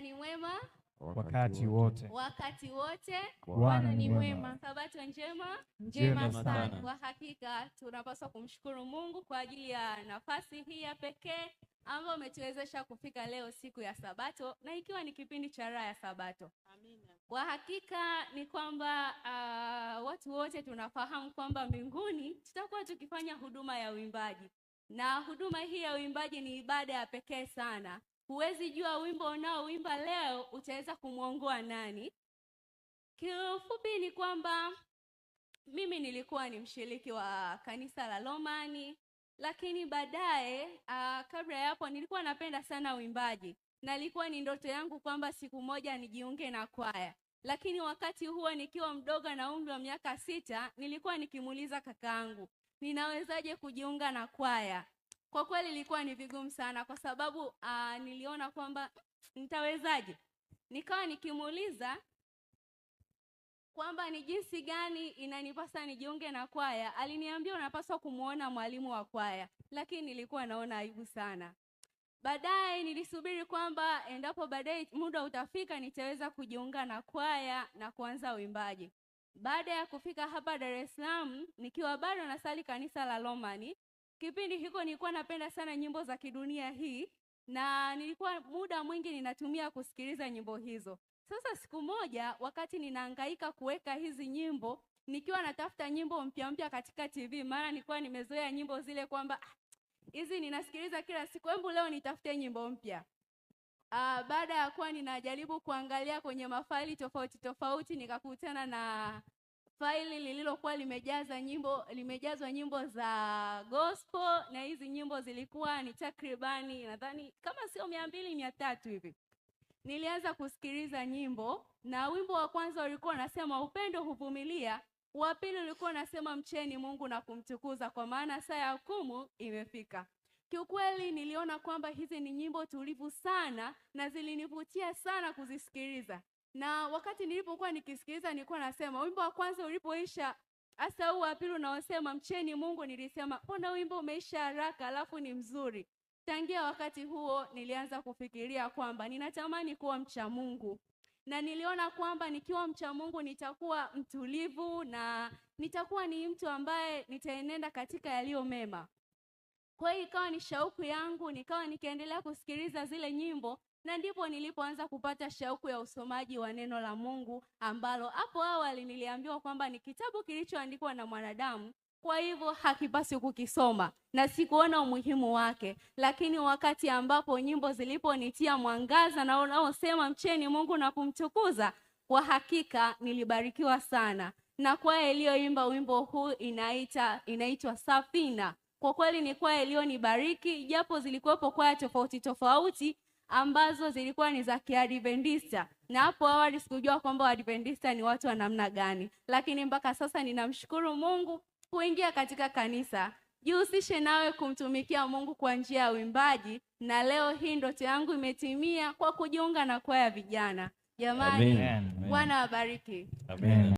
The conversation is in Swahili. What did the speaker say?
ni mwema wakati wote, wakati wote. Bwana ni mwema. Sabato njema, njema sana. Kwa hakika tunapaswa kumshukuru Mungu kwa ajili ya nafasi hii ya pekee ambayo umetuwezesha kufika leo, siku ya Sabato, na ikiwa ni kipindi cha raha ya Sabato. Amina. Kwa hakika ni kwamba uh, watu wote tunafahamu kwamba mbinguni tutakuwa tukifanya huduma ya uimbaji, na huduma hii ya uimbaji ni ibada ya pekee sana huwezi jua wimbo unaoimba leo utaweza kumwongoa nani. Kiufupi ni kwamba mimi nilikuwa ni mshiriki wa kanisa la Lomani, lakini baadaye uh, kabla ya hapo nilikuwa napenda sana uimbaji na ilikuwa ni ndoto yangu kwamba siku moja nijiunge na kwaya, lakini wakati huo nikiwa mdogo na umri wa miaka sita nilikuwa nikimuuliza kakaangu, ninawezaje kujiunga na kwaya? Kwa kweli ilikuwa ni vigumu sana, kwa sababu uh, niliona kwamba nitawezaje, nikawa nikimuuliza kwamba ni jinsi gani inanipasa nijiunge na kwaya. Aliniambia unapaswa kumwona mwalimu wa kwaya, lakini nilikuwa naona aibu sana. Baadaye nilisubiri kwamba endapo baadaye muda utafika nitaweza kujiunga na kwaya na kuanza uimbaji. Baada ya kufika hapa Dar es Salaam, nikiwa bado nasali kanisa la Lomani, Kipindi hiko nilikuwa napenda sana nyimbo za kidunia hii na nilikuwa muda mwingi ninatumia kusikiliza nyimbo hizo. Sasa siku moja, wakati ninahangaika kuweka hizi nyimbo, nikiwa natafuta nyimbo mpya mpya katika TV, maana nilikuwa nimezoea nyimbo zile kwamba ah, hizi ninasikiliza kila siku, hebu leo nitafute nyimbo mpya. Uh, baada ya kuwa ninajaribu kuangalia kwenye mafaili tofauti tofauti nikakutana na faili lililokuwa limejaza nyimbo limejazwa nyimbo za gospel, na hizi nyimbo zilikuwa ni takribani nadhani kama sio mia mbili mia tatu hivi. Nilianza kusikiliza nyimbo, na wimbo wa kwanza ulikuwa unasema upendo huvumilia, wa pili ulikuwa unasema mcheni Mungu na kumtukuza kwa maana saa ya hukumu imefika. Kiukweli niliona kwamba hizi ni nyimbo tulivu sana na zilinivutia sana kuzisikiliza. Na wakati nilipokuwa nikisikiliza, nilikuwa nasema wimbo wa kwanza ulipoisha, hasa huu wa pili unaosema mcheni Mungu, nilisema mbona wimbo umeisha haraka alafu ni mzuri. Tangia wakati huo nilianza kufikiria kwamba ninatamani kuwa mcha Mungu na niliona kwamba nikiwa mcha Mungu nitakuwa mtulivu na nitakuwa ni mtu ambaye nitaenenda katika yaliyo mema. Kwa hiyo ikawa ni shauku yangu, nikawa nikiendelea kusikiliza zile nyimbo, na ndipo nilipoanza kupata shauku ya usomaji wa neno la Mungu, ambalo hapo awali niliambiwa kwamba ni kitabu kilichoandikwa na mwanadamu, kwa hivyo hakipaswi kukisoma na sikuona umuhimu wake. Lakini wakati ambapo nyimbo ziliponitia mwangaza na unaosema mcheni Mungu na kumtukuza, kwa hakika nilibarikiwa sana na kwaya iliyoimba wimbo huu inaita inaitwa Safina. Kwa kweli ni kwaya iliyonibariki, japo zilikuwepo kwaya tofauti tofauti ambazo zilikuwa ni za Kiadventista, na hapo awali sikujua kwamba Waadventista ni watu wa namna gani, lakini mpaka sasa ninamshukuru Mungu kuingia katika kanisa. Jihusishe nawe kumtumikia Mungu kwa njia ya uimbaji, na leo hii ndoto yangu imetimia kwa kujiunga na kwaya vijana. Jamani, Bwana awabariki. Amen.